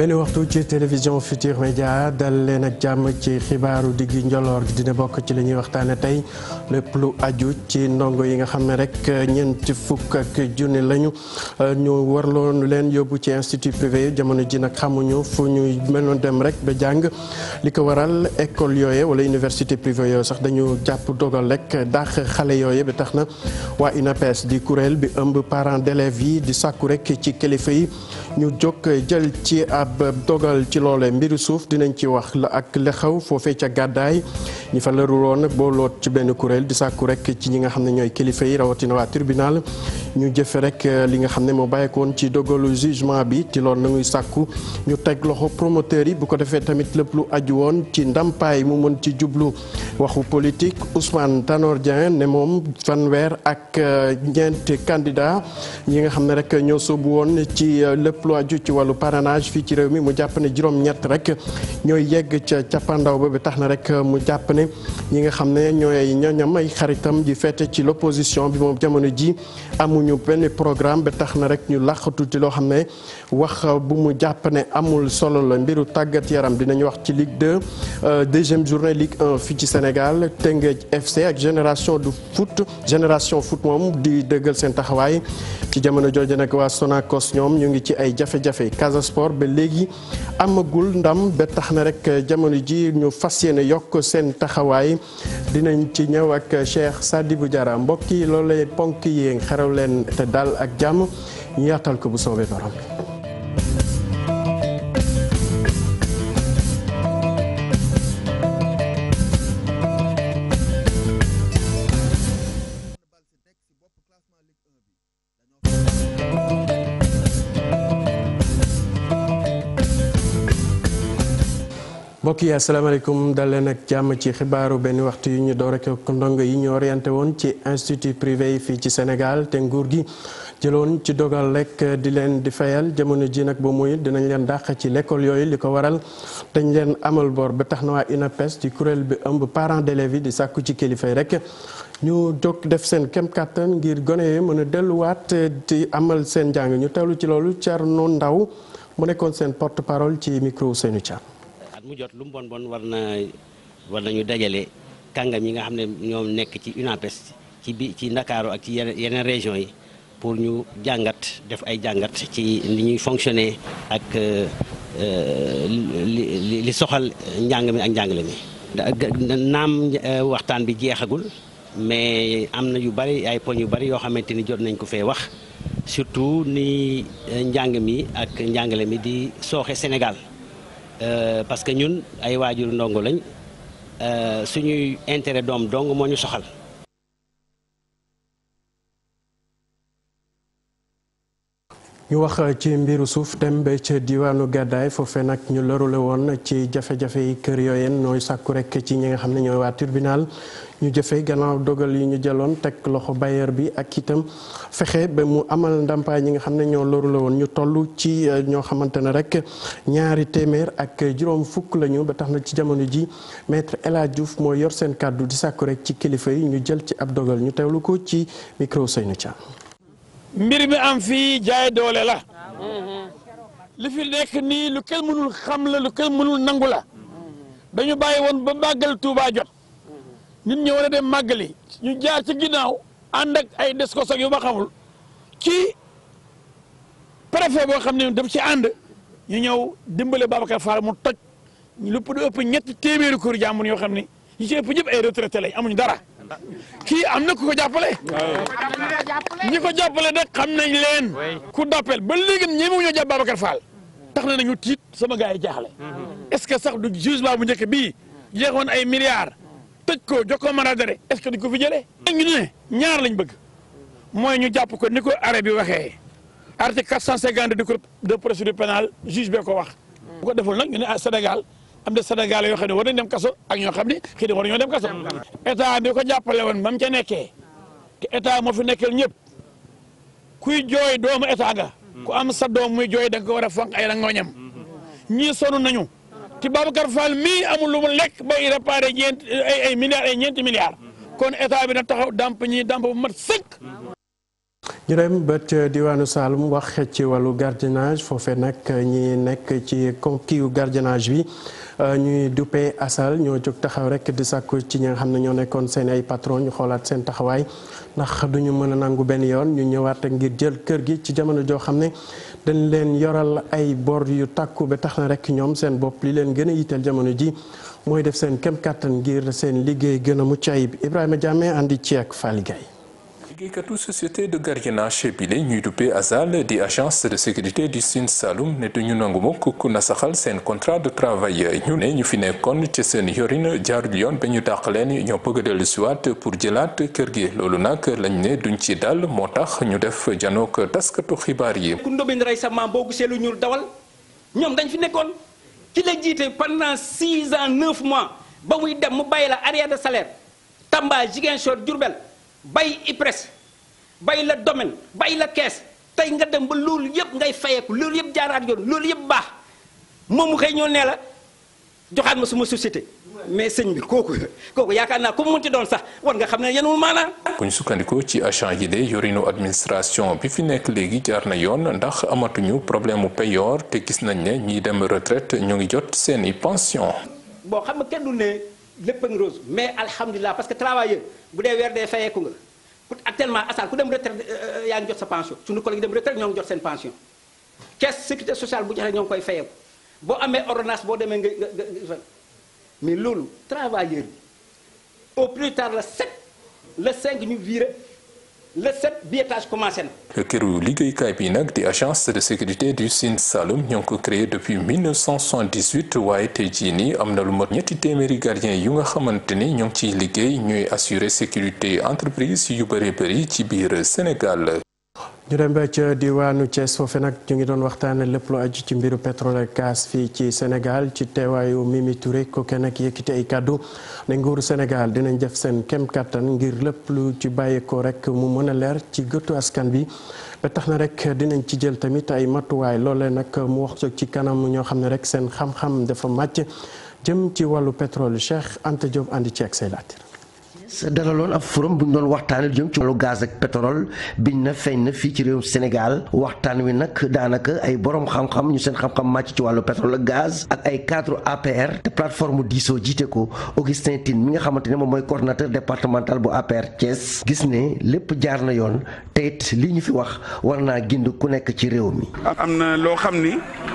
benn waxtu ci télévision Futur Média dal leen ak jàmm ci xibaaru digg njoloor gi dina bokk ci li ñuy waxtaane tey lépp lu aju ci ndongo yi nga xam ne rek ñeenti fukk ak junni lañu euh, ñu warloon leen yóbbu ci institut privé jamono ji nag xamuñu fu ñuy meloon dem rek ba jàng li ko waral école yooye wala université privée yooyu sax dañu jàpp dogal rek dàq xale yooye ba tax na waa UNAPES di kuréel bi ëmb parents d'élèves yi di sàkku rek ci kilifa yi ab dogal ci loolee mbiru suuf dinañ ci wax la ak le xew foofee ca gàddaay ñi fa lëruloon booloot ci benn kuréel di sàkku rek ci ñi nga xam ne ñooy kilifa yi rawatina waa tribunal ñu jëfe rek euh, li nga xam ne moo bàyyeekoon ci dogalu jugement bi ci loolu na nguy sàkku ñu teg loxo promoteur yi bu ko defee tamit lépp lu aju woon ci ndampaay mu mën ci jublu waxu politik Ousmane Tanor Dieng ne moom fanweer ak euh, ñeenti candidat ñi nga xam ne rek ñoo soobu woon ci euh, lépp lu aju ci wàllu parrainage fii ci réew mi mu jàpp ne juróom-ñett rek ñooy yegg ca cappaandaw ba bi tax na rek mu jàpp ne ñi nga xam ne ñooy ñoñam ay xaritam ji féete ci l'opposition bi moom jamono ji amuñu benn programme ba tax na rek ñu làqatu ci loo xam ne wax bu mu jàpp ne amul solo la mbiru tàggat yaram dinañ wax ci Ligue 2 euh, deuxième journée Ligue 1 fii ci Sénégal Teungueth FC ak génération du foot génération foot moom di dëggal seen taxawaay ci jamono jooju nag waa Sonacos léegi amagul ndam ba tax na rek jamono ji ñu fas yéene yokk seen taxawaay dinañ ci ñëw ak Cheikh Sadibou Diarra mbokk yi loolu ponk yi xerew leen te dal ak jàmm ñu yaatal ko bu soobee borom mbokk yi asalaamaaleykum dal leen ak jàmm ci xibaaru benn waxtu yu ñu door ak ndongo yi ñu orienté woon ci institut privé yi fii ci Sénégal te nguur gi jëloon ci dogal rek di leen di fayal jamono ji nag ba muy dinañ leen dàq ci l'école yooyu li ko waral dañ leen amal bor ba tax na waa UNAPES ci kuréel bi ëmb parents d'élèves yi di sàkku ci kilifa yi rek ñu jog def seen kem kàttan ngir gone yi mën a delluwaat di amal seen njàng ñu teewlu ci loolu Thierno Ndaw mu nekkoon seen porte ci micro seenu Thiam. at mu jot lu mu bon war na war nañu dajale kàngam yi nga xam ne ñoom nekk ci UNAPES ci bi ci Ndakaaru ak ci yeneen région yi pour ñu jàngat def ay jàngat ci ni ñuy fonctionner ak euh, euh, li li soxal njàng mi ak njàngale mi. naam euh, waxtaan bi jeexagul mais am na yu bari ay poñ yu bari yoo xamante ni jot nañ ko fee wax surtout ni njàng mi ak njàngale mi di sooxe Sénégal. Euh, parce que ñun ay waajur ndongo lañ euh, suñuy intérêt doom dong moo ñu soxal ñu wax ci mbiru suuf dem ba ca diwaanu gàddaay foofee nag ñu lërule woon ci jafe-jafe yi kër yooyeen nooy sàkku rek ci ñi nga xam ne ñooy waa tribunal ñu jëfe gannaaw dogal yi ñu jëloon teg loxo bailleur bi ak itam fexe ba mu amal ndàmpaay ñi nga xam ne ñoo lërule woon ñu tollu ci euh, ñoo xamante ne rek ñaari téeméer ak juróom fukk lañu ba tax na ci jamono ji maître El Hadj moo yor seen kàddu di sàkku rek ci kilifa yi ñu jël ci ab dogal ñu teewlu ko ci micro Seynou Thiam mbir mi am fii jaay doole la mm-hmm. li fi nekk nii lu kenn mënul xam la lu kenn mënul nangu la dañu bàyyi woon ba màggal Touba jot mm-hmm. nit ñi war a dem ñu jaar ci ginnaaw ànd ak ay des ko sag yu ma xamul ci préfet boo xam ne dam ci ànd ñu ñëw dimbale Babacar Fall mu toj lépp du ëpp ñetti téeméeri kër jàmbur yoo xam ne ñi ci ëpp ñëpp ay retraité lañ amuñu dara kii am na ku ko jàppale. ñi ko jàppale nag xam nañ leen. ku d'appel ba léegi ñemewu ñoo jàpp Babacar Fall. tax na nañu tiit sama gars yi jaaxle. Mhm. est-ce que sax du jugement bu njëkk bii jeexoon ay milliards. tëj ko jox ko mandat est-ce que duñ ko fi jëlee. ñu ñaar lañ bëgg. mooy ñu jàpp ko ni ko arrêt bi waxee. article 450 du code de procédure pénale juge bee ko wax. bu ko deful nag ñu ne ah Sénégal. am na Sénégal yoo xam ne war nañ dem kaso ak ñoo xam ne xëy war ñoo dem kaso état bi ko jàppale woon ba mu ca nekkee te état moo fi nekkal ñëpp kuy jooy doomu état nga ku am sa doom muy jooy da nga ko war a fonk ay rangoñam ñii sonn nañu te Babacar Fall mii amul lu mu lekk bay réparé ñeent ay ay milliards ay ñeenti milliards kon état bi na taxaw damp ñii damp bu mat sëkk ñu dem diwaanu Saloum wax ci wàllu gardiennage foofee nag ñi nekk ci kiiw gardiennage bi euh, ñuy duppee asal ñoo jóg taxaw rek di sàkku ci ñi nga xam ne ñoo nekkoon seen ay patron ñu xoolaat seen taxawaay ndax duñu ñu mën a nangu benn yoon ñu ñëwaat ngir jël kër gi ci jamono joo xam ne dañ leen yoral ay bor yu takku ba tax na rek ñoom seen bopp li leen gën a yitteel jamono ji mooy def seen kem kàttan ngir seen liggéey gën a mucc ayib Ibrahima Diame andi ci ak Faly liggéeykatu société de gardiennage bi la ñuy duppee ASAL di agence de sécurité du Sine Saloum ne du ñu nangu mukk ku nasaxal seen contrat de travail ñu ne ñu fi nekkoon ci seen yorin jaarul yoon ba ñu dàq leen ñoo bëgg a dellusiwaat pour jëlaat kër gi loolu nag lañ ne duñ ci dal moo tax ñu def janook taskatu xibaar yi. ku ndóbin sa maam boo gisee lu ñuul dawal ñoom dañ fi nekkoon ki la jiite pendant six ans neuf mois ba muy dem mu bàyyi la arrière de salaire Tamba Ziguinchor Diourbel. bay IPRES bay la domaine bay la kees tey nga dem ba loolu yëpp ngay fayeeku loolu yëpp jaaraat yoon loolu yëpp baax moom mu xëy ñoo nee la joxaat ma suma société mais sëñ bi kooku kooku yaakaar naa ku mu munti doon sax war nga xam ne yenul maanaam bu ñu sukkandikoo ci agent yi de yorinu administration bi fi nekk léegi jaar na yoon ndax amatuñu problème mu payoor te gis nañ ne ñiy dem retraite ñu ngi jot seeni pension boo xam nga kenn du ne lépp a ngi rose mais alhamdulilah parce que travailleur bu dee weer dee fayeeku nga ku actuellement asaan ku dem retraite euh, euh, yaa ngi jot sa pension suñu collègue dem retraite ñoo ngi jot seen pension caisse sécurité sociale bu joxee ñoo ngi koy fayeeku boo amee ordonnance boo demee nga nga mais loolu travailleur bi au plus tard la set le 5 ñu viré le 7 billetage commencé na. këru liggéeykaay bi nag di agence de sécurité du Sine Saloum ñoo ngi ko créé depuis 1978 waaye tey jii nii am na lu mot ñetti téeméeri gardien yu nga xamante ni ñoo ngi ciy liggéey ñuy assurer sécurité entreprise yu bëree bëri ci biir Sénégal. ñu dem ca diwaanu Thiès foofu nag ñu ngi doon waxtaanee lépp lu aju ci mbiru pétrole ak gaz fii ci Sénégal ci teewaayu Mimi Touré kooke nag yëkkite ay kàddu ne nguuru Sénégal dinañ def seen kem kàttan ngir lépp lu ci bàyyeekoo rek mu mën a leer ci gëttu askan bi ba tax na rek dinañ ci jël tamit ay matuwaay loolee nag mu wax ci kanam ñoo xam ne rek seen xam-xam dafa màcc jëm ci wàllu pétrole Cheikh Anta Diop andi ci ak say laatir dalaloon ab forum bu ñu doon waxtaane lu jëm ci wàllu gaz ak pétrole biñ na feeñ na fii ci réewum waxtaan wi nag daanaka ay borom xam ñu seen xam màcc ci wàllu pétrole ak gaz ak ay cadre APR te plateforme diisoo jiite ko Augustin Tine mi nga xamante ne moom mooy coordonnateur départemental bu APR Thiès gis ne lépp jaar na yoon te it li ñu fi wax war naa gind ku nekk ci réew mi. am na loo xam ni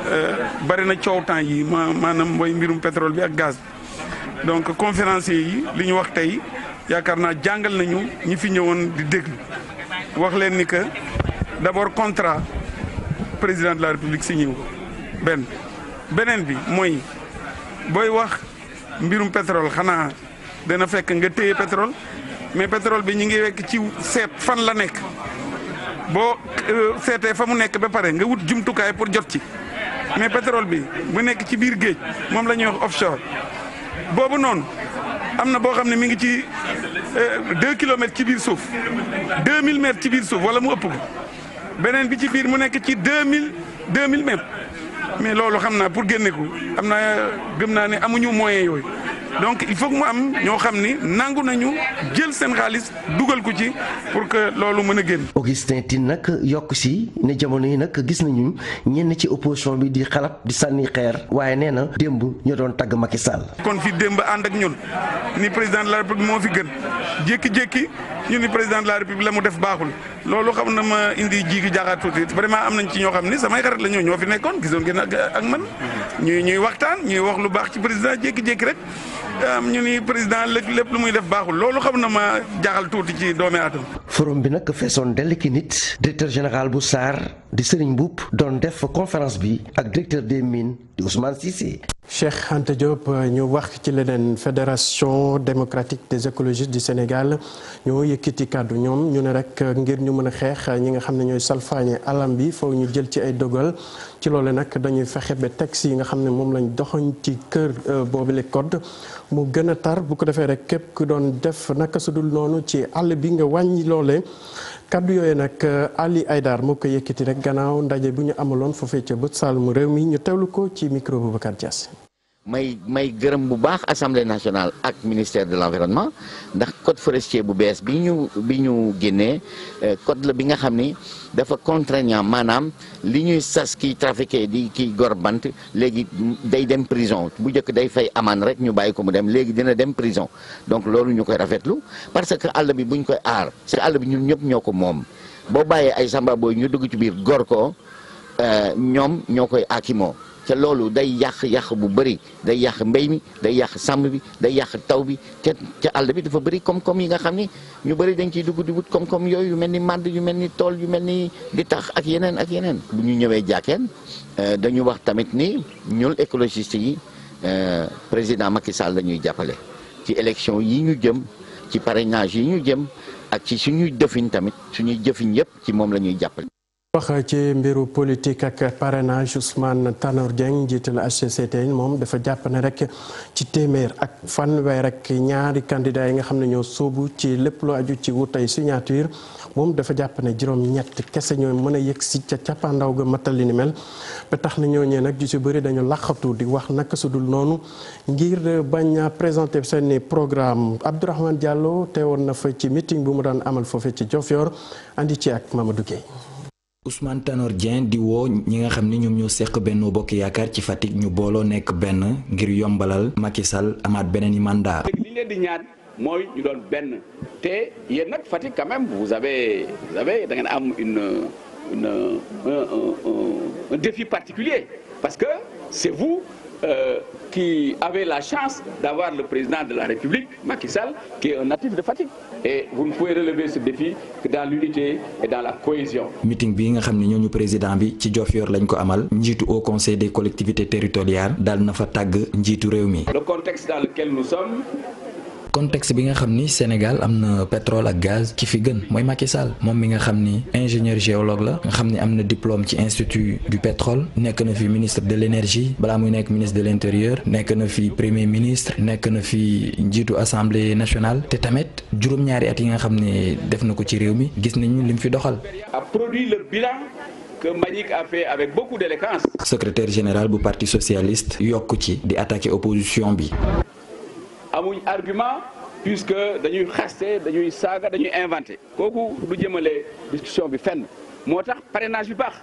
euh, bari na coow temps yi maanaam mooy mbirum pétrole bi ak gaz donc conférencier yi li ñu wax tey. yaakaar naa jàngal nañu ñi fi ñëwoon di déglu wax leen ni que d'abord contrat président de la république signé ko benn beneen bi mooy booy wax mbirum pétrole xanaa dana fekk nga téye pétrole mais pétrole bi ñu ngi wekk ci seet fan la nekk boo euh, seetee fa mu nekk ba pare nga wut jumtukaay pour jot ci mais pétrole bi bu nekk ci biir géej moom la ñuy wax offshore boobu noonu am na boo xam ne mi ngi ci euh, deux kilomètres ci biir suuf deux mille mètres ci biir suuf wala mu ëpp ko beneen bi ci biir mu nekk ci deux mille deux mille mètres mais loolu xam naa pour génne ko am na gëm naa ne amuñu moyen yooyu. donc il faut mu am ñoo xam ni nangu nañu jël seen xaalis dugal ko ci pour que loolu mën a génn. Augustin Tine nag yokk si ne jamono yi nag gis nañu ñenn ci opposition bi di xalaat di sànni xeer waaye nee na démb ñoo doon tagg ki Sall. kon fi démb ànd ak ñun ni président de la république moo fi gën jékki-jékki ñu ni président de la république la mu def baaxul loolu xam na ma indi ji gi jaaxaat tuuti vraiment am nañ ci ñoo xam ni samay xarit la ñoo ñoo fi nekkoon gisoon ngeen ak ak man ñuy waxtaan ñuy wax lu baax ci président jékki-jékki rek. am ñu ni président lépp lu muy def baaxul loolu xam na ma jaaxal tuuti ci doomi aadama. forum bi nag feesoon dell ki nit directeur général bu SAR di Serigne Mboup doon def conférence bi ak directeur des mines di Ousmane Cissé. Cheikh Anta Diop ñu wax ci leneen fédération démocratique des écologistes du Sénégal ñoo yëkkati kàddu ñoom ñu ne rek ngir ñu mën a xeex ñi nga xam ne ñooy salfaañe alam bi foog ñu jël ci ay dogal. ci loole nag dañuy fexe ba texte yi nga xam ne moom lañu doxañ ci kër euh, boobu le code mu gën a tar bu ko defee rek képp ku doon def naka sudul noonu ci àll bi nga wàññi loole kaddu yooyu nag euh, Ali Aydar moo ko yëkkati rek gannaaw ndaje bu ñu amaloon foofee ca bët Saalum réew mi ñu teewlu ko ci micro Boubacar Dias may may gërëm bu baax assemblée nationale ak ministère de l'environnement ndax code forestier bu bees bi ñu bi ñu génnee euh, code la bi nga xam ni dafa contraignant maanaam li ñuy sas kiy trafiqué di kiy gor bant léegi day dem prison bu njëkk day fay amaan rek ñu bàyyi ko mu dem léegi dina dem prison donc loolu ñu koy rafetlu parce que àll bi buñ koy aar parce àll bi ñun ñëpp ñoo ko moom boo bàyyee ay samba booy ñu dugg ci biir gor ko euh, ñoom ñoo koy akimo te loolu day yàq yàq bu bëri day yàq mbéy mi day yàq sàmm bi day yàq taw bi te ca àll bi dafa bëri koom-koom yi nga xam ni ñu bëri dañ ciy dugg di wut koom-koom yooyu yu mel ni màdd yu mel ni tool yu mel ni di tax ak yeneen ak yeneen. bu ñu ñëwee jàkkeen euh, dañu wax tamit ni ñun écologistes yi euh, président Macky Sall la ñuy jàppale ci élection yi ñu jëm ci parrainage yi ñu jëm ak ci suñuy jëfin tamit suñuy jëfin yëpp ci moom la ñuy jàppale. wax ci mbiru politique ak parrainage Ousmane Tanor la jiital HCCT moom dafa jàpp ne rek ci téeméer ak fanweer ak ñaari candidat yi nga xam ne ñoo soobu ci lépp lu aju ci wutay signature moom dafa jàpp ne juróom-ñett kese ñooy mën a yegg si ca cappaandaw ga matal ni mel ba tax na ñooñee nag ju si bëri dañu laqatu di wax naka su dul noonu ngir bañ a présenté seeni programme Abdourahmane te woon na fa ci meeting bu mu daan amal foofe ci Diofior andi ci ak Mamadou Ousmane Tanor Dieng di woo ñi nga xam ni ñoom ñoo seq benn Bokk Yaakaar ci Fatick ñu booloo nekk benn ngir yombalal Macky Sall amaat beneen yi mandat. leen di ñaan mooy ñu doon benn te yéen nag Fatick quand même vous avez vous avez am une une un défi particulier parce que c'est vous. euh, qui avait la chance d'avoir le président de la République, Macky Sall, qui est un natif de Fatick. et vous ne pouvez relever ce défi que dans l'unité et dans la cohésion. meeting bii nga xam ne ñooñu président bi ci Diofior lañ ko amal njiitu au conseil des collectivités territoriales daal na fa tàgg njiitu réew mi. le contexte dans lequel nous sommes. contexte bi nga xam ni Sénégal am na pétrole ak gaz ki fi gën mooy Macky Sall moom mi nga xam ni ingénieur géologue la nga xam ni am na diplôme ci institut du pétrole nekk na fi ministre de l'énergie balaa muy nekk ministre de l'intérieur nekk na fi premier ministre nekk na fi njiitu assemblée nationale te tamit juróom-ñaari at yi nga xam ne def na ko ci réew mi gis nañu li mu fi doxal. secretaire général bu parti socialiste yokk ci di attaquer opposition bi. amuñ argument puisque dañuy xaste dañuy saaga dañuy inventé kooku du jëmale discussion bi fenn moo tax parrainage bi baax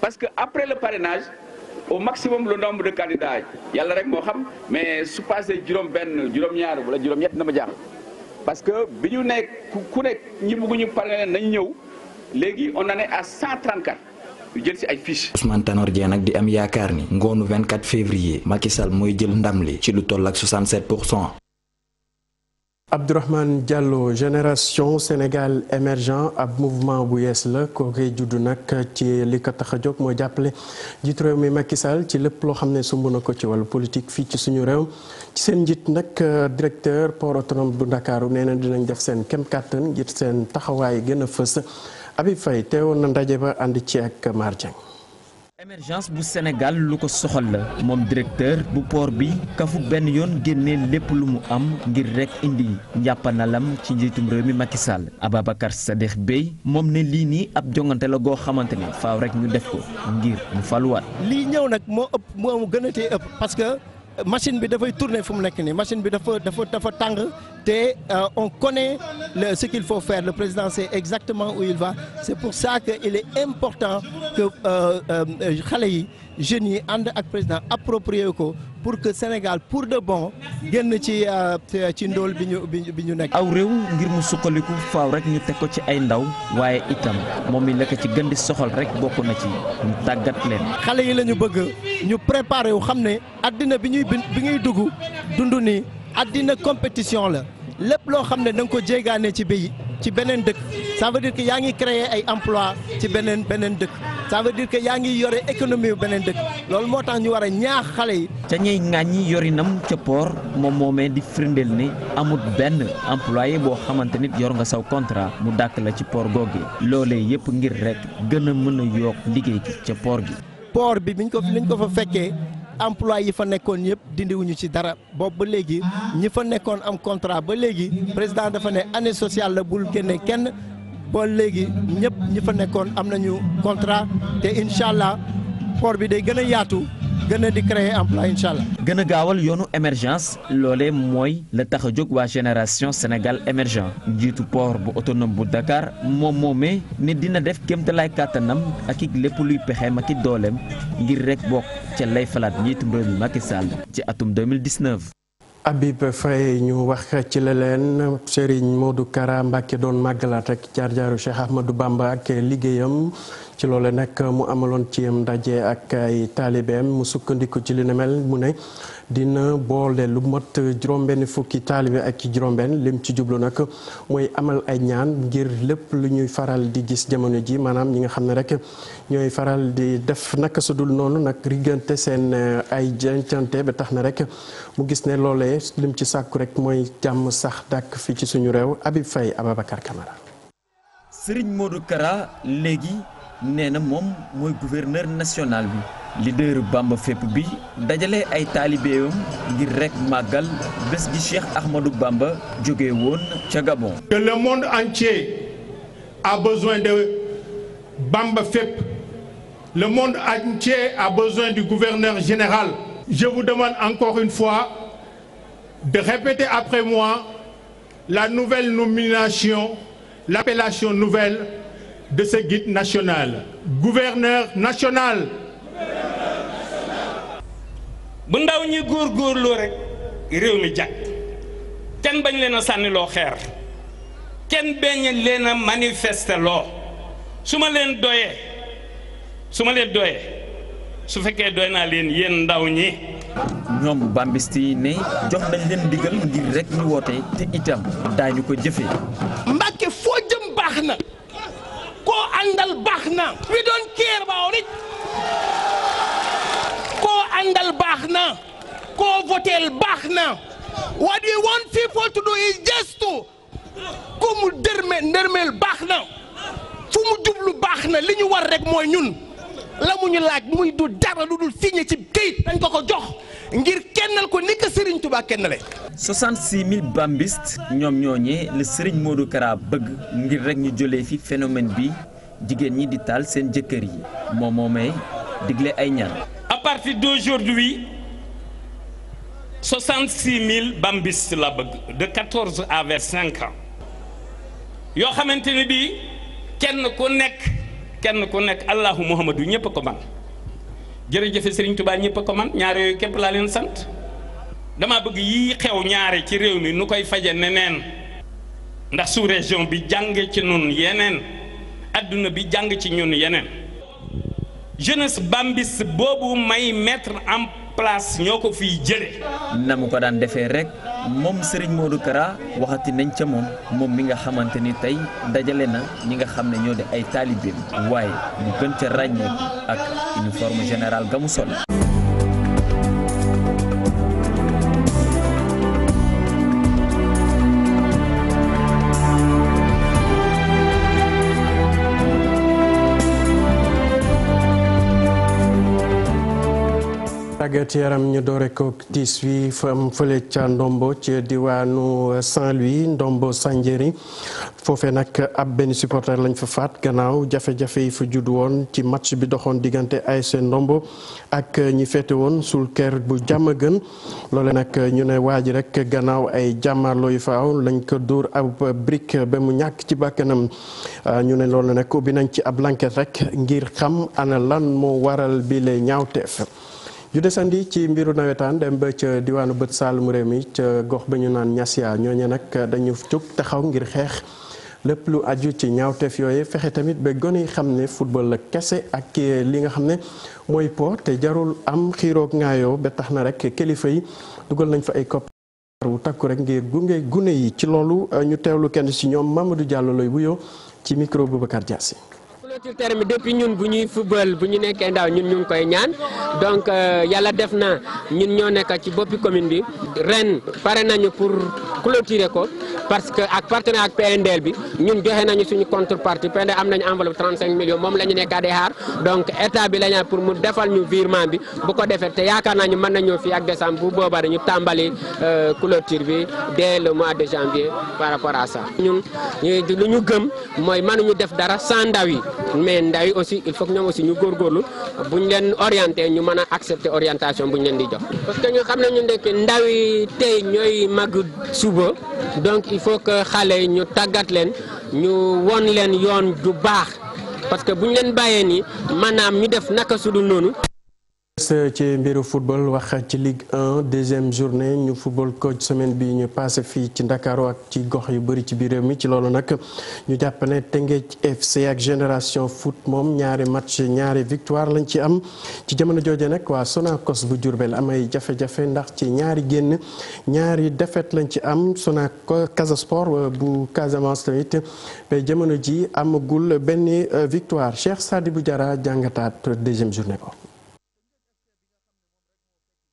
parce que après le parrainage au maximum le nombre de candidats yàlla rek moo xam mais su passé juróom benn juróom-ñaar wala juróom-ñett na ma jaaxal parce que bi ñu nekk ku nekk ñi bëgguñu parrainer nañ ñëw léegi on en est à 134 yu jël ci ay fiches. Ousmane Tanor Dieng nag di am yaakaar ni ngoonu 24 février Macky Sall mooy jël ndam li ci lu toll ak 67 pour cent. Abdourahmane jàlloo génération Sénégal émergent ab mouvement bu yees la kookoy juddu nag ci li ko tax a jóg moo jàppale njiitu réew mi Macky Sall ci lépp loo xam ne sumb na ko ci wàllu politique fii ci suñu réew ci seen njiit nag euh, directeur port autonome bu Ndakaaru nee na dinañ def seen kem kàttan ngir seen taxawaay gën a fës Habib Faye teewoon na ndaje ba ànd ci ak Mar émergence bu Sénégal lu ko soxal la moom directeur bu poor bi kafu benn yoon génnee lépp lu mu am ngir rek indi njàppanalam ci njiitum réew mi Macky Sall sa Sadikh Bèye moom ne lii nii ab jongante la goo xamante ni faaw rek ñu def ko ngir mu faluwaat. lii ñëw nag moo ëpp moo gën a tee ëpp parce que machine bi dafay tourner fu mu nekk ni machine bi dafa dafa dafa tàng Et, euh, on connaît le, ce qu'il faut faire. Le président sait exactement où il va. C'est pour ça qu'il est important que euh, euh, xale yi jeunes yi ànd ak président approprié ko pour que Sénégal pour de bon génn ci ci ndóol bi ñu bi ñu nekk. aw réew ngir mu sukkaliku faaw rek ñu teg ko ci ay ndaw waaye itam moom mi lekk ci gën di soxal rek bokk na ci ñu tàggat leen. xale yi lañu bëgg ñu préparé wu xam ne addina bi ñuy bi ñuy dugg dund nii. àddina compétition la lépp loo xam ne danga nga ko jéegaane ci béy ci beneen dëkk ça veut dire que yaa ngi créer ay emploi ci beneen beneen dëkk ça veut dire yaa ngi yore économie beneen dëkk loolu moo tax ñu war a ñaax xale yi. ca ñuy ŋàññi yorinam ca port moom moomee di firndeel ni amut benn employé boo xamante nit yor nga saw contrat mu dàkk la ci port googu loolee yëpp ngir rek gën a mën a yokk liggéey ca poor gi. port bi biñ ko ko fa fekkee. emploi yi fa nekkoon yëpp dindiwuñu ci dara boobu ba léegi ñi fa nekkoon am contrat ba léegi président dafa ne année sociale la bul génne kenn ba léegi ñëpp ñi fa nekkoon am nañu contrat te incha allah port bi day gën a yaatu gën di créer emploi incha allah. gën a gaawal yoonu émergence loole mooy la tax a jóg waa génération Sénégal émergent njiitu port bu autonome bu Dakar moom moomee ne dina def kéemtalaay kàttanam ak it lépp luy pexeem ak i dooleem ngir rek bokk ca lay falaat njiitum réew mi Macky Sall ci atum 2019. Habib Faye ñu wax ci la leen Serigne Modou Kara Mbacké doon màggalaat rek jaar-jaaru Cheikh Ahmadou Bamba ak liggéeyam ci loolu nag mu amaloon ci ndaje ak ay taalibeem mu sukkandiku ci li ne mel mu ne dina boole lu mat juróom-benn fukki taalibe ak juróom-benn lim ci jublu nag mooy amal ay ñaan ngir lépp lu ñuy faral di gis jamono ji maanaam ñi nga xam ne rek ñooy faral di def naka su noonu nag riggante seen eh, ay jëncante ba tax na rek mu gis ne loole lim ci sàkku rek mooy jàmm sax dàkk fii ci suñu réew Habib Faye Ababacar Camara. Serigne Modou Kara léegi. nee na moom mooy gouverneur national bi leader Bamba fépp bi dajale ay taalibeewam ngir rek màggal bés gi Cheikh Ahmadou Bamba jóge woon ca Gabon. que le monde entier a besoin de Bamba fépp le monde entier a besoin du gouverneur général. je bu demande encore une fois de répéter après moi la nouvelle nomination l'appellation nouvelle. de ce guide national. Gouverneur national. bu ndaw ñi góorgóorloo rek réew mi jàkk kenn bañ leen a sànniloo xeer kenn bañ leen a manifester loo su ma leen doyee su ma leen doyee su fekkee doy naa leen yéen ndaw ñi. ñoom bambiste yi ne jox nañ leen ndigal ngir rek ñu woote te itam daañu ko jëfee. Mbàkke foo jëm baax na. andal baax na we don't care about it koo andal baax na koo voteel baax na what we want people to do is just mu ndërmeel baax na fu mu jublu baax na li ñu war rek mooy ñun la mu ñu laaj muy du dara lu dul signé ci këyit dañ ko ko jox ngir kennal ko ni ko Serigne Touba kennale. ñoom ñooñee la Serigne bëgg ngir rek ñu jëlee fi phénomène bi jigéen ñi di taal seen jëkkër yi moo moomee digle ay ñaar à partir d'aujourd'hui 66000 bambistes la bëgg de 14 à 25 ans yoo xamante ne bii kenn ku nekk kenn ku nekk Allahu Muhammadu ñëpp a ko man jërëjëf Serigne Touba ñëpp ko man ñaar yooyu képp laa leen sant dama bëgg yi xew ñaare ci réew mi nu koy faje neneen ndax su région bi jànge ci nun yeneen. àdduna bi jàng ci ñun yeneen jeunesse bambis boobu may mettre en place ñoo ko fi jële na mu ko daan defee rek moom Serigne Modou Kara waxati nañ ca moom moom mi nga xamante ni tey dajale na ñi nga xam ne ñoo di ay taalibeem waaye mu gën ca ràññeek ak uniforme général ga mu tàggat yaram ñu doore ko tiis wi fam fële ca ndombo ci diwaanu Saint-Louis ndombo Sanjeri foofe nag ab benn supporter lañ fa faat gannaaw jafe-jafe yi fa judd woon ci match bi doxoon diggante ASC ndombo ak ñi féete woon sul kër bu jàmm gën loole nag ñu ne waa ji rek gannaaw ay jàmmarloo yu fa aw lañ ko dóor ab brique ba mu ñàkk ci bàkkanam ah, ñu ne loolu nag bi nañ ci ab lanket rek ngir xam ana lan moo waral bi lay ñaawteef ñu desandi ci mbiru nawetaan dem ba ca diwaanu bët saalum réew mi ca gox ba ñu naan ñasiya ñooñu nag dañu jóg taxaw ngir xeex lépp lu aju ci ñaawteef yooyu fexe tamit ba gone yi xam ne football la kese ak li nga xam ne mooy po te jarul am xiiroog ngaayoo ba tax na rek kilifa yi dugal nañ fa ay kopp wu takku rek ngir gunge gune yi ci loolu ñu teewlu kenn ci ñoom Mamadou Diallo lay wuyoo ci micro Boubacar Diassi sur terrain bi ñun bu ñuy football bu ñu nekkee ndaaw ñun ñu ngi koy ñaan donc euh, yàlla def na ñun ñoo nekk ci boppi commune bi ren pare nañu pour clôturer ko. parce que ak partenaire ak PNDL bi ñun joxe nañu suñu contrepartie PNDL am nañu enveloppe 35 millions moom la ñu nekk xaar donc état bi la ñu pour mu defal ñu bi bu ko ñu mën nañoo fii euh, bi dès le mois de janvier par rapport à ça. ñun lu ñu gëm mooy mënuñu def dara sans ndaw mais ndaw yi aussi il faut que ñoom aussi ñu góorgóorlu bu ñu leen orienté ñu mën a accepter orientation bu ñu leen di jox parce que ñu xam ne ñu nekk tey il faut que xale ñu tàggat leen ñu won leen yoon du baax parce que bu ñu leen bàyyee nii maanaam ñu def naka sudul noonu. ci mbiru football wax ci Ligue 1 deuxième journée ñu football coach semaine bi ñu passé fii ci Ndakaaru ak ci gox yu bëri ci biir mi ci loolu nag ñu jàpp ne Teungueth FC ak Génération Foot moom ñaari match ñaari victoire lañ ci am ci jamono jooje nag waa Sonacos bu Diourbel amay jafe-jafe ndax ci ñaari génn ñaari défaite lañ ci am Sonacos Casa Sport euh, bu Casamance tamit jamono ji amagul benn euh, victoire Cheikh Sadibou Diarra jàngataat deuxième journée ko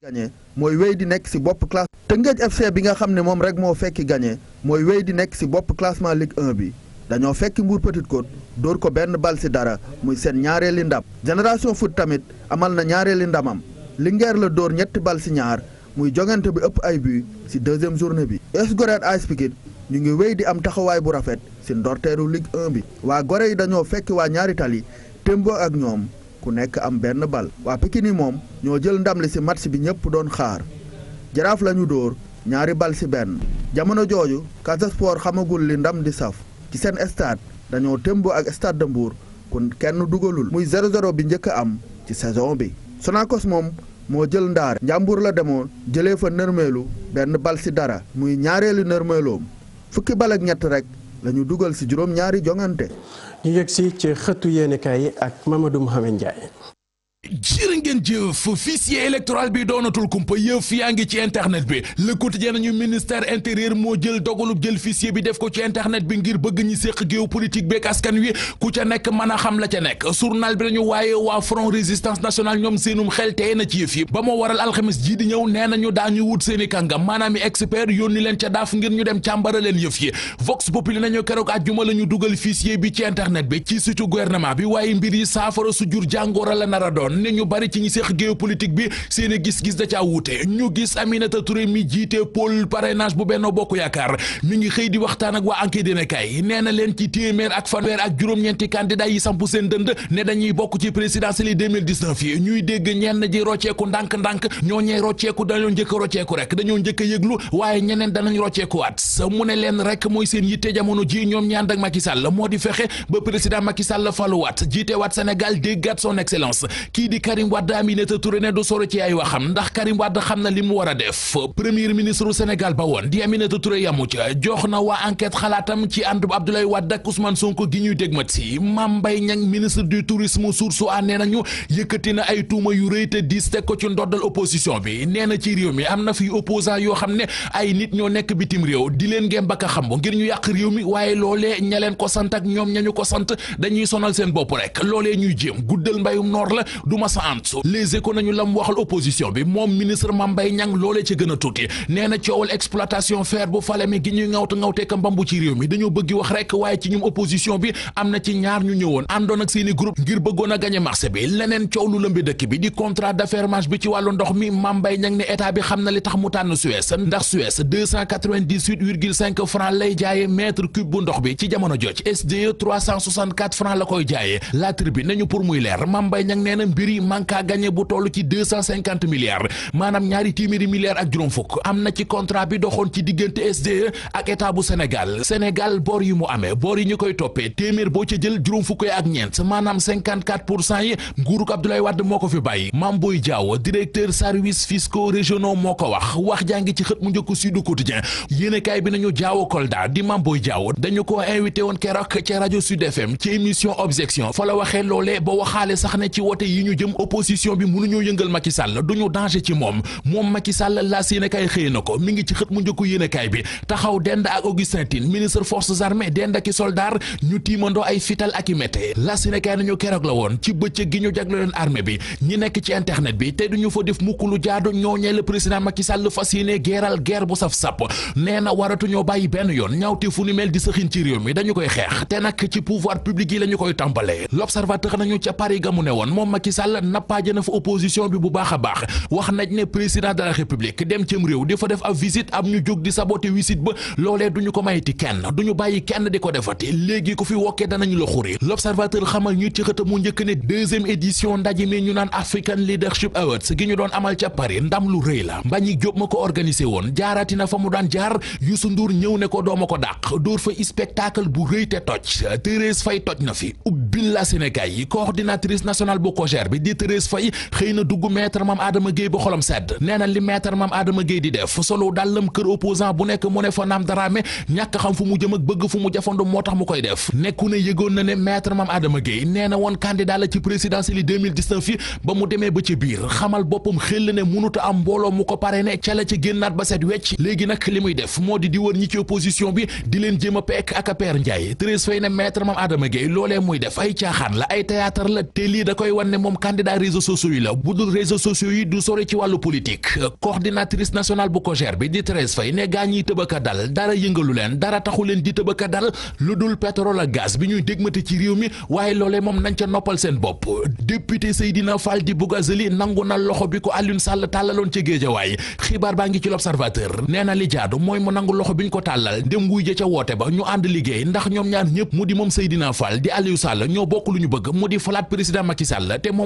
gañe mooy wéy di nekk ci bopp classe Tëngéej FC bi nga xam ne moom rek moo fekki gañe mooy wéy di nekk ci bopp classement Ligue 1 bi dañoo fekki Mbour Petite Côte door ko benn bal ci dara muy seen ñaareeli ndam Génération Foot tamit amal na ñaareeli ndamam li Linguère la door ñetti bal ci ñaar muy jongante bi ëpp ay but ci deuxième journée bi US Gorée AS Pikine ñu ngi wéy di am taxawaay bu rafet ci ndorteeru Ligue 1 bi waa Gorée yi dañoo fekki waa ñaari tali temboo ak ñoom ku nekk am benn bal waa Pikine moom ñoo jël ndam li ci match bi ñëpp doon xaar jaraaf lañu dóor ñaari bal ci benn jamono jooju Casa xamagul li ndam di saf ci seen stade dañoo tëmboo ak stade de Mbour ku kenn dugalul muy 0-0 bi njëkk a am ci saison bi Sonacos moom moo jël ndaar njàmbur la demoon jëlee fa nërmeelu benn bal ci dara muy ñaareelu nërmeeloom fukki bal ak ñett rekk lañu dugal ci juróom ñaari joŋante ñu yegg si ci xëttu yéenekaay yi ak Mamadou Mouhamed Ndiaye jërë ngeen jëf fichier électoral bi doonatul kumpa yëf yaa ngi ci internet bi le quotidien nañu ministère intérieur moo jël dogalub jël fichier bi def ko ci internet bi ngir bëgg ñi séq géopolitique beeg askan wi ku ca nekk mën a xam la ca nekk journal bi nañu waaye waa front résistance nationale ñoom seenum xel tey na ci yëf yi ba moo waral alxamis jii di ñëw nee nañu ñu wut seen i kàngam maanaam i expert yónni leen ca daaf ngir ñu dem càmbara leen yëf yi vox populi nañu keroog àjjuma la ñu dugal fichier bi ci internet ci surtout gouvernement bi waaye mbir yi saafara su jur jàngoora la nar a doon ne ñu bari ci ñi seex géopolitique bi seen gis-gis da caa wute ñu gis Aminata Touré mi jiite pôle parrainage bu benn Bokk Yaakaar mi ñu xëy di waxtaan ak waa enquête dina kay nee na leen ci téeméer ak fanweer ak juróom-ñeenti candidat yi sampu seen dënd ne dañuy bokk ci présidentielle yi 2019 yi ñuy dégg ñenn ji rocceeku ndànk-ndànk ñoo ñey rocceeku dañoo njëkk rocceeku rek dañoo njëkk a yëglu waaye ñeneen danañ rocceeku waat mu ne leen rek mooy seen yitte jamono ji ñoom ñaan ak Macky Sall moo di fexe ba président Macky Sall faluwaat jiitewaat Sénégal déggaat son excellence kii di Karim Wade Aminata Touré ne du sori ci ay waxam ndax Karim Wade xam na li mu war a def premier ministre Sénégal ba woon di Aminata Touré yamu ca jox na waa enquête xalaatam ci àndub Abdoulaye Wade ak Ousmane Sonko gi ñuy dégmat si Mame mbay Niang ministre du tourisme source a nee nañu yëkkati na ay tuuma yu rëy te diis teg ko ci ndoddal opposition bi nee na ci réew mi am na fi opposant yoo xam ne ay nit ñoo nekk bitim réew di leen ngeen bakka xam ngir ñu yàq réew mi waaye loolee ña leen ko sant ak ñoom ñañu ko sant dañuy sonal seen bopp rek loolee ñuy jéem guddal mbayum noor la du ma sa am su les éco nañu lam waxal opposition bi moom ministre Mame Mbaye Niang loolee ci gën tuuti nee na coowal exploitation fer bu Falémé gi ñuy ŋawta ŋawteeka mbambu ci réew mi dañoo bëgg wax rek waaye ci ñum opposition bi am na ci ñaar ñu ñëwoon àndoon ak seeni groupe ngir bëggoon a gagné marché bi leneen coow lu lëmbi dëkk bi di contrat d'affermage bi ci wàllu ndox mi Mame Mbaye ne état bi xam na li tax mu tànn Suez ndax Suez 298 virgule 5 francs lay jaayee mètre cube bi ci jamono jooju SDE 364 francs la la tribune nañu pour muy leer Mame Mbaye Niang nee mbir yi manque à gagner bu toll ci deux cent cinquante milliards maanaam ñaari téeméeri milliards ak juróom fukk am na ci contrat bi doxoon ci diggante SDE ak état Sénégal Sénégal bor yi mu amee bor yi ñu koy toppee téeméer boo ca jël juróom fukk ak ñeent maanaam cinquante quatre pour cent yi nguurug Abdoulaye Wade moo ko fi bàyyi Mame Boye Diao directeur services fiscaux régionaux moo ko wax wax jaa ngi ci xët mu njëkk Sud Quotidien yéenekaay bi nañu Diao Kolda di Mame Boye dañu ko invité woon keroog ca rajo Sud FM ci émission objection fa la ñu jëm opposition bi mënuñoo yëngal Macky Sall duñu danger ci moom moom Macky Sall laas na ko mi ngi ci xët mu njëkku yéenekaay bi taxaw dend ak Augustin ministre forces armées dend ak i soldat ñu tiimandoo ay fital ak i mété laas yéenekaay nañu keroog la woon ci bëccëg gi ñu jaglo leen armée bi ñi nekk ci internet bi te duñu fa def mukk lu jaadu ñooñee le président Macky Sall geeral guerre bu saf sap nee na waratuñoo bàyyi benn Sall nappaaje na fa opposition bi bu baax a baax wax nañ ne président de la république dem cëm réew di fa def a visite am ñu jóg di saboté visite ba loolee du ñu ko mayiti kenn du ñu bàyyi kenn di ko defati léegi ku fi wokkee danañu la xuri l'observateur xamal ñu ci xët mu njëkk ne deuxième édition ndaje mi ñu naan African Leadership Awards gi ñu doon amal ca Paris ndam lu rëy la Mbagnick Diop ma ko organisé woon jaarati na fa mu daan jaar Youssou Ndour ñëw ne ko dooma ko dàq fa spectacle bu rëy te toj Thérèse Faye toj na fi ubbil la Sénégal yi coordinatrice nationale bu bi di Thérèse Faye xëy na dugg maître Mame Adama Gueye ba xolam sedd nee li maître Mame Adama Gueye di def solo dàllam kër opposant bu nekk mu ne fa naam daraame ñàkk xam fu mu jëm ak bëgg fu mu jafandu moo tax mu koy def nekku ne yëgoon na ne maître Mame Adama Gueye nee woon candidat la ci présidentielle yi 2019 yi ba mu demee ba ci biir xamal boppam xel ne mënuta am mbooloo mu ko pare ne ca la ci génnaat ba set wecc léegi nag li muy def moo da koy wan ne moom candidat réseaux sociaux yi la bu dul réseaux sociaux yi du sore ci wàllu politique coordinatrice nationale bu COJER bi di Thérèse Faye ne gaa ñiy tëbaka dal dara yëngalu leen dara taxu leen di tëbaka dal lu dul pétrole ak gaz bi ñuy dégmati ci réew mi waaye loolee moom nañ ca noppal seen bopp député Seydina Fall di Bougazeli nangu na loxo bi ko Alioune Sall tàllaloon ca Géejawaay xibaar baa ngi ci l'observateur nee na li jaadu mooy mu nangu loxo bi ñu ko tàllal ba ñu ànd liggéey ndax ñoom ñaar ñëpp mu di moom Seydina Fall di Aliou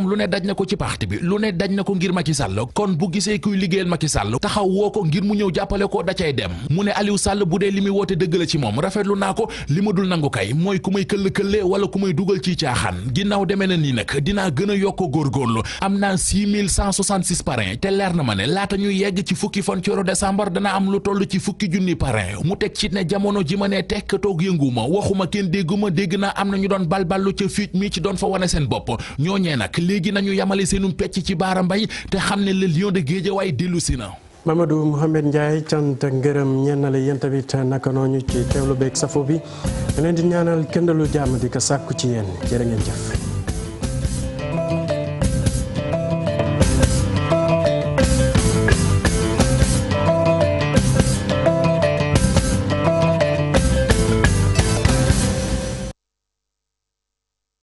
lu ne daj na ko ci parti bi lu ne daj na ko ngir ma Macky Sall kon bu gisee kuy liggéeyal Macky Sall taxaw woo ko ngir mu ñëw jàppale ko da dem mu ne Aliou sàll bu dee li muy woote dëgg la ci moom rafetlu naa ko li ma dul nangu kay mooy ku may këll-këlle wala ku may dugal ci caaxaan ginnaw demee na nii nag dinaa gën a yokk góorgóorlu am naa 6166 parrain te leer na ma ne laata ñu yegg ci fukki fan ci weeru décembre dana am lu toll ci fukki junni parrain mu teg ci ne jamono ji ma ne tekk yënguma waxuma kenn dégguma dégg naa am na ñu doon balballu ca fiic mi ci doon fa wane seen bopp ñooñee nag léegi nañu yemale seenum pecc ci baara mbay te xam ne le lion de Guédiawaye dellusi na Mamadou Mouhamed Ndiaye cant ak ngërëm ñenn la yéen tamit naka nooñu ci teewlu beeg safo bi leen di ñaanal këndalu jàmm di ko sàkku ci yéen jërë ngeen